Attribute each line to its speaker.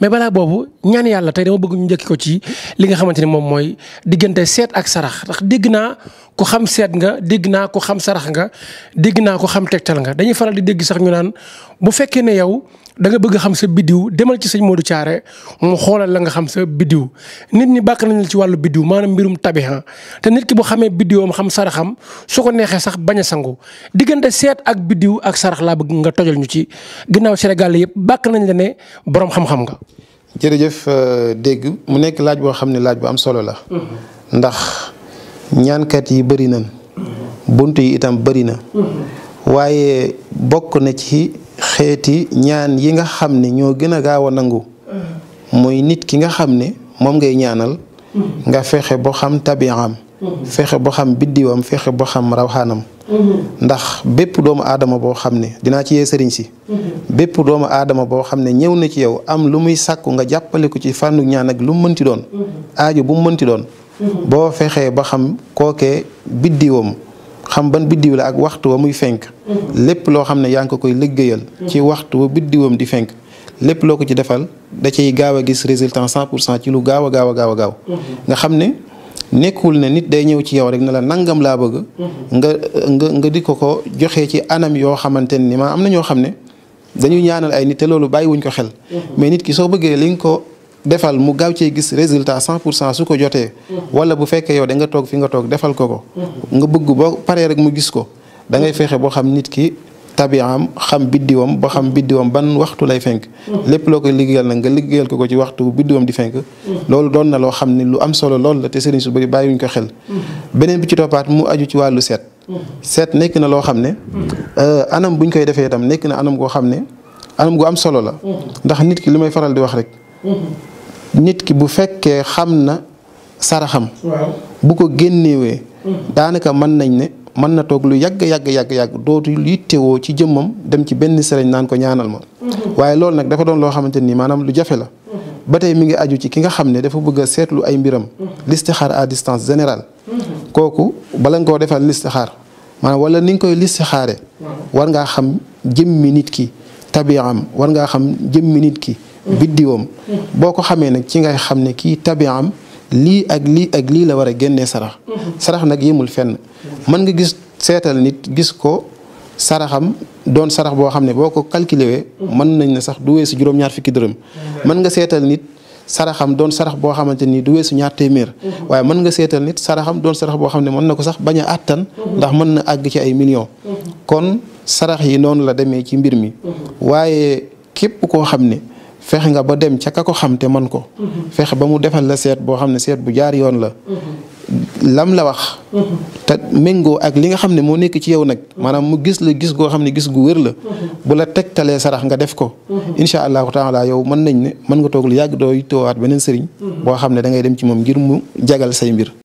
Speaker 1: mais balaa boobu ñaan yàlla tey dama bëgg ñu ko ci li nga xamante ni moom mooy diggante seet ak sarax ndax dégg naa ku xam seet nga dégg naa ku xam sarax nga dégg naa ku xam tegtal nga dañuy faral di dégg sax ñu naan bu fekkee ne yow da nga bëgg xam sa bidiw demal ci sëñ Modou Thiaré mu xoolal la nga xam sa bidiw nit ñi bàkk nañ la ci wàllu bidiw maanaam mbirum tabiha te nit ki bu xamee biddiwam xam saraxam su ko neexee sax bañ a sangu diggante seet ak bidiw ak sarax laa bëgg nga tojal ñu ci ginnaaw Sénégal yëpp bàkk nañ la ne borom xam-xam nga. jërëjëf euh, dégg mu nekk laaj boo xam ne laaj bu am solo la. Mm-hmm. ndax. ñaankat yi bari nañ bunt yi itam bari na waaye bokk na ci xeeti ñaan yi nga xam ne ñoo gën a gaaw a nangu mooy nit ki nga xam ne moom ngay ñaanal nga fexe boo xam tabiaam fexe boo xam biddiwam fexe boo xam rawxaanam ndax bépp doomu aadama boo xam ne dinaa ci yee sëriñ si bépp doomu aadama boo xam ne ñëw na ci yow am lu muy sàkku nga jàppale ko ci fànnu ñaan ak lu mu mënti doon aajo bu mënti doon boo fexee ba xam kookee biddiwam xam ban biddiw la ak waxtu wa muy fenk mm-hmm. lépp loo xam ne yaa ngi ko koy liggéeyal mm-hmm. ci waxtu wa biddiwam di fenk lépp loo ko ci defal da ciy gaaw a gis résultant cent pour cent ci lu gaaw a gaaw a gaaw mm-hmm. nga xam ne nekkul ne nit day ñëw ci yow rek na la nangam laa bëgg nga nga nga di ko ko joxe ci anam yoo xamante ni maa am na ñoo xam ne dañuy ñaanal ay nit te loolu bàyyi wuñ ko xel mais nit ki soo bëggee li nga ko defal mu gaaw cee gis résultat 100 pour cent su ko jotee. wala bu fekkee yow da nga toog fi nga toog defal ko ko. nga bëgg boo paree rek mu gis ko da ngay fexe boo xam nit ki. tabiam xam biddiwam ba xam biddiwam ban waxtu lay fenk lépp loo koy liggéeyal nag nga liggéeyal ko ko ci waxtu biddiwam di fenk loolu doon na loo xam ne lu am solo loolu la te sëriñ su bëri bàyyiwuñ ko xel beneen bi ci toppaat mu aju ci wàllu seet seet nekk na loo xam ne euh, anam buñ koy defee itam nekk na anam goo xam ne anam gu am solo la ndax nit ki li may faral di wax rek nit ki bu fekkee xam na saraxam. bu ko génnewee. Mm. daanaka mën nañ ne mën na toog lu yàgg yàgg yàgg yàgg dootu yittewoo ci jëmmam dem ci benn sëriñ naan ko ñaanal ma. Mm-hmm. waaye loolu nag dafa doon loo xamante ni maanaam lu jafe la. Mm-hmm. ba tey mi ngi aju ci ki nga xam ne dafa bëgg a seetlu ay mbiram. Mm-hmm. listixaar à distance générale. kooku bala nga koo defal listixaar maanaam wala ni nga koy listixaare war ngaa xam jëmmi nit ki tabiaam war ngaa xam jëmmi nit ki. biddiwam boo ko xamee nag ci ngay xam ne kii tabiam lii ak lii ak lii la war a génnee sarax sarax nag yemul fenn mën nga gis seetal nit gis ko saraxam doon sarax boo xam ne boo ko calculé mën nañ ne sax du weesu juróom-ñaar fukki dërëm nit saraxam doon sarax boo xamante ni du weesu ñaar téeméer waaye mën nga seetal nit saraxam doon sarax boo xam ne mën na ko sax bañ a àttan ndax mën na àgg ci ay million kon sarax yi noonu la demee ci mbir mi waaye képp koo xam ne fexe nga ba dem ca ka ko xam te man ko mhm. fexe ba mu defal la seet boo xam ne seet bu jaar yoon la mhm. lam la wax mhm. te méngoo ak li nga xam ne moo nekk ci yow nag maanaam mu gis la gis goo xam ne gis gu wér la bu la tegtalee sarax nga def ko incha allahu laa yow mën nañ ne mën nga toog lu yàgg dooy toowaat beneen sëriñ boo xam ne da ngay dem ci moom ngir mu jagal say mbir